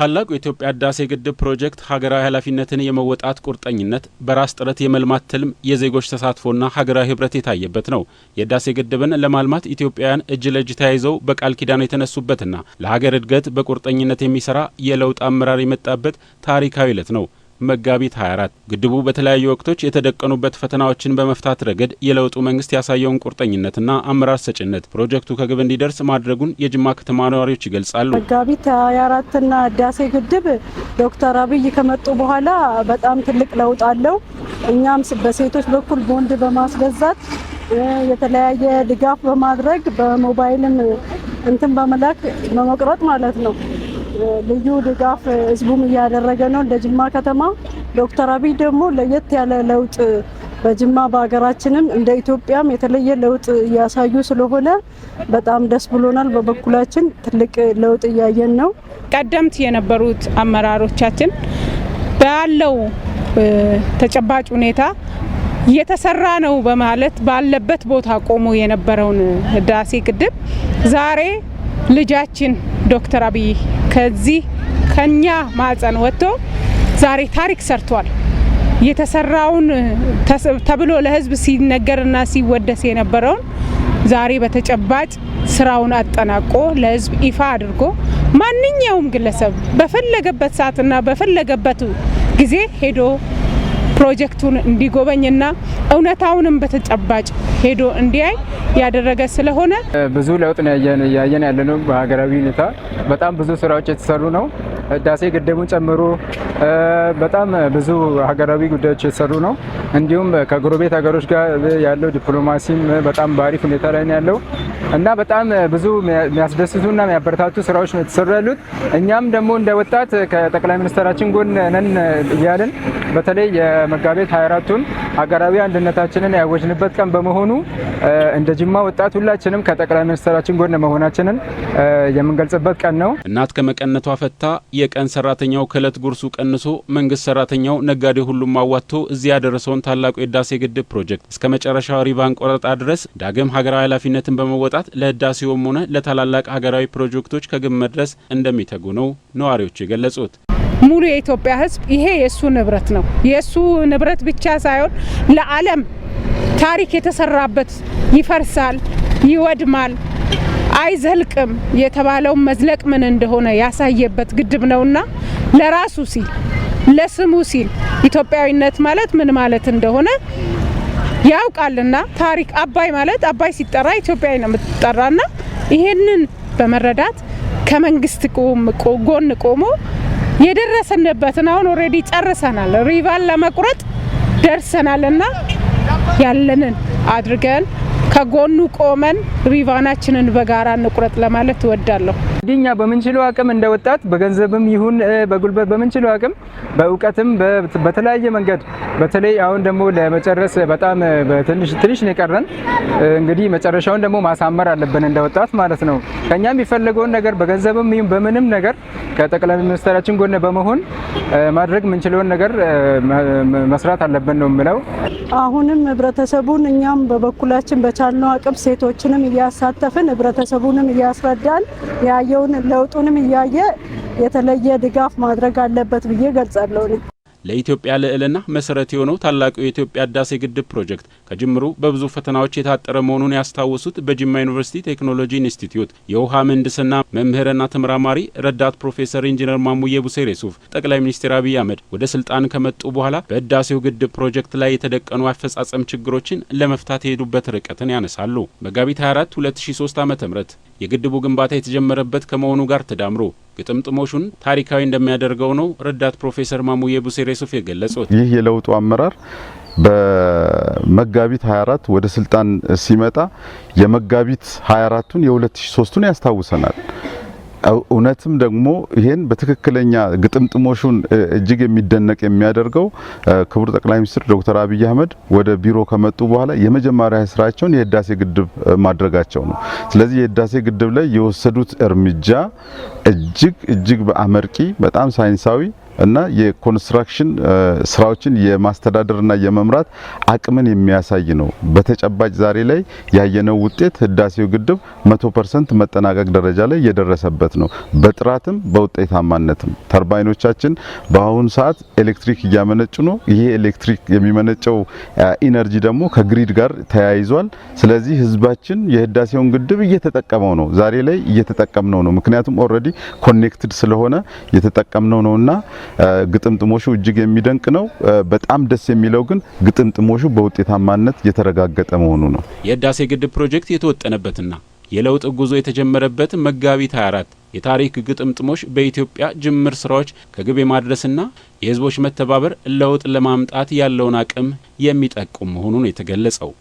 ታላቁ የኢትዮጵያ ህዳሴ ግድብ ፕሮጀክት ሀገራዊ ኃላፊነትን የመወጣት ቁርጠኝነት፣ በራስ ጥረት የመልማት ትልም፣ የዜጎች ተሳትፎና ሀገራዊ ህብረት የታየበት ነው። የህዳሴ ግድብን ለማልማት ኢትዮጵያውያን እጅ ለእጅ ተያይዘው በቃል ኪዳን የተነሱበትና ለሀገር እድገት በቁርጠኝነት የሚሰራ የለውጥ አመራር የመጣበት ታሪካዊ ዕለት ነው። መጋቢት 24 ግድቡ በተለያዩ ወቅቶች የተደቀኑበት ፈተናዎችን በመፍታት ረገድ የለውጡ መንግስት ያሳየውን ቁርጠኝነትና አመራር ሰጭነት ፕሮጀክቱ ከግብ እንዲደርስ ማድረጉን የጅማ ከተማ ነዋሪዎች ይገልጻሉ። መጋቢት 24ና ህዳሴ ግድብ ዶክተር አብይ ከመጡ በኋላ በጣም ትልቅ ለውጥ አለው። እኛም በሴቶች በኩል ቦንድ በማስገዛት የተለያየ ድጋፍ በማድረግ በሞባይልም እንትን በመላክ በመቁረጥ ማለት ነው ልዩ ድጋፍ ህዝቡም እያደረገ ነው። እንደ ጅማ ከተማ ዶክተር አብይ ደግሞ ለየት ያለ ለውጥ በጅማ በሀገራችንም እንደ ኢትዮጵያም የተለየ ለውጥ እያሳዩ ስለሆነ በጣም ደስ ብሎናል። በበኩላችን ትልቅ ለውጥ እያየን ነው። ቀደምት የነበሩት አመራሮቻችን ባለው ተጨባጭ ሁኔታ እየተሰራ ነው በማለት ባለበት ቦታ ቆሞ የነበረውን ህዳሴ ግድብ ዛሬ ልጃችን ዶክተር አብይ ከዚህ ከኛ ማዕፀን ወጥቶ ዛሬ ታሪክ ሰርቷል። የተሰራውን ተብሎ ለህዝብ ሲነገርና ሲወደስ የነበረውን ዛሬ በተጨባጭ ስራውን አጠናቆ ለህዝብ ይፋ አድርጎ ማንኛውም ግለሰብ በፈለገበት ሰዓትና በፈለገበት ጊዜ ሄዶ ፕሮጀክቱን እንዲጎበኝና እውነታውንም በተጨባጭ ሄዶ እንዲያይ ያደረገ ስለሆነ ብዙ ለውጥ ያየን ያለነው በሀገራዊ ሁኔታ በጣም ብዙ ስራዎች የተሰሩ ነው። ህዳሴ ግድቡን ጨምሮ በጣም ብዙ ሀገራዊ ጉዳዮች የተሰሩ ነው። እንዲሁም ከጎረቤት ሀገሮች ጋር ያለው ዲፕሎማሲም በጣም በአሪፍ ሁኔታ ላይ ነው ያለው እና በጣም ብዙ የሚያስደስቱና የሚያበረታቱ ስራዎች ነው የተሰሩ ያሉት። እኛም ደግሞ እንደ ወጣት ከጠቅላይ ሚኒስትራችን ጎን ነን እያልን በተለይ የመጋቢት 24ቱን ሀገራዊ አንድነታችንን ያወጅንበት ቀን በመሆኑ እንደ ጅማ ወጣት ሁላችንም ከጠቅላይ ሚኒስትራችን ጎን መሆናችንን የምንገልጽበት ቀን ነው። እናት ከመቀነቷ ፈታ የቀን ሰራተኛው ከእለት ጉርሱ ቀንሶ መንግስት ሰራተኛው ነጋዴ ሁሉም አዋጥቶ እዚህ ያደረሰውን ታላቁ የህዳሴ ግድብ ፕሮጀክት እስከ መጨረሻው ሪባን ቆረጣ ድረስ ዳግም ሀገራዊ ኃላፊነትን በመወጣት ለህዳሴውም ሆነ ለታላላቅ ሀገራዊ ፕሮጀክቶች ከግብ መድረስ እንደሚተጉ ነው ነዋሪዎች የገለጹት። ሙሉ የኢትዮጵያ ህዝብ ይሄ የእሱ ንብረት ነው። የእሱ ንብረት ብቻ ሳይሆን ለዓለም ታሪክ የተሰራበት ይፈርሳል፣ ይወድማል፣ አይዘልቅም የተባለውን መዝለቅ ምን እንደሆነ ያሳየበት ግድብ ነውና ለራሱ ሲል ለስሙ ሲል ኢትዮጵያዊነት ማለት ምን ማለት እንደሆነ ያውቃልና ታሪክ አባይ ማለት አባይ ሲጠራ ኢትዮጵያዊ ነው የምትጠራና ይሄንን በመረዳት ከመንግስት ጎን ቆሞ የደረሰንበትን አሁን ኦልሬዲ ጨርሰናል። ሪቫን ለመቁረጥ ደርሰናልና ያለንን አድርገን ከጎኑ ቆመን ሪቫናችንን በጋራ እንቁረጥ ለማለት እወዳለሁ። እኛ በምንችለው አቅም እንደ ወጣት በገንዘብም ይሁን በጉልበት በምንችለው አቅም በእውቀትም በተለያየ መንገድ በተለይ አሁን ደግሞ ለመጨረስ በጣም ትንሽ ትንሽ ነው የቀረን። እንግዲህ መጨረሻውን ደግሞ ማሳመር አለብን እንደ ወጣት ማለት ነው። ከኛ የሚፈለገውን ነገር በገንዘብም ይሁን በምንም ነገር ከጠቅላይ ሚኒስትራችን ጎን በመሆን ማድረግ የምንችለውን ነገር መስራት አለብን ነው የምለው። አሁንም ህብረተሰቡን እኛም በበኩላችን በቻልነው አቅም ሴቶችንም እያሳተፍን ህብረተሰቡንም እያስረዳን ያየው ያየውን ለውጡንም እያየ የተለየ ድጋፍ ማድረግ አለበት ብዬ ገልጻለሁ። ለኢትዮጵያ ልዕልና መሰረት የሆነው ታላቁ የኢትዮጵያ ህዳሴ ግድብ ፕሮጀክት ከጅምሩ በብዙ ፈተናዎች የታጠረ መሆኑን ያስታወሱት በጅማ ዩኒቨርሲቲ ቴክኖሎጂ ኢንስቲትዩት የውሃ ምህንድስና መምህርና ተመራማሪ ረዳት ፕሮፌሰር ኢንጂነር ማሙዬ ቡሴር ሱፍ ጠቅላይ ሚኒስትር አብይ አህመድ ወደ ስልጣን ከመጡ በኋላ በህዳሴው ግድብ ፕሮጀክት ላይ የተደቀኑ አፈጻጸም ችግሮችን ለመፍታት የሄዱበት ርቀትን ያነሳሉ። መጋቢት 24 2003 ዓ ም የግድቡ ግንባታ የተጀመረበት ከመሆኑ ጋር ተዳምሮ የጥምጥሞሹን ታሪካዊ እንደሚያደርገው ነው ረዳት ፕሮፌሰር ማሙዬ የሱፍ የገለጹት። ይህ የለውጡ አመራር በመጋቢት 24 ወደ ስልጣን ሲመጣ የመጋቢት 24ቱን የ2003ቱን ያስታውሰናል። እውነትም ደግሞ ይሄን በትክክለኛ ግጥምጥሞሹን እጅግ የሚደነቅ የሚያደርገው ክቡር ጠቅላይ ሚኒስትር ዶክተር አብይ አህመድ ወደ ቢሮ ከመጡ በኋላ የመጀመሪያ ስራቸውን የህዳሴ ግድብ ማድረጋቸው ነው። ስለዚህ የህዳሴ ግድብ ላይ የወሰዱት እርምጃ እጅግ እጅግ በአመርቂ በጣም ሳይንሳዊ እና የኮንስትራክሽን ስራዎችን የማስተዳደርና የመምራት አቅምን የሚያሳይ ነው። በተጨባጭ ዛሬ ላይ ያየነው ውጤት ህዳሴው ግድብ 100% መጠናቀቅ ደረጃ ላይ የደረሰበት ነው። በጥራትም በውጤታማነትም ተርባይኖቻችን በአሁኑ ሰዓት ኤሌክትሪክ እያመነጩ ነው። ይሄ ኤሌክትሪክ የሚመነጨው ኢነርጂ ደግሞ ከግሪድ ጋር ተያይዟል። ስለዚህ ህዝባችን የህዳሴውን ግድብ እየተጠቀመው ነው። ዛሬ ላይ እየተጠቀምነው ነው። ምክንያቱም ኦልሬዲ ኮኔክትድ ስለሆነ እየተጠቀምነው ነውና ግጥምጥሞሹ እጅግ የሚደንቅ ነው። በጣም ደስ የሚለው ግን ግጥምጥሞሹ በውጤታማነት የተረጋገጠ መሆኑ ነው። የህዳሴ ግድብ ፕሮጀክት የተወጠነበትና የለውጥ ጉዞ የተጀመረበት መጋቢት 24 የታሪክ ግጥምጥሞሽ በኢትዮጵያ ጅምር ስራዎች ከግብ የማድረስና የህዝቦች መተባበር ለውጥ ለማምጣት ያለውን አቅም የሚጠቁም መሆኑን የተገለጸው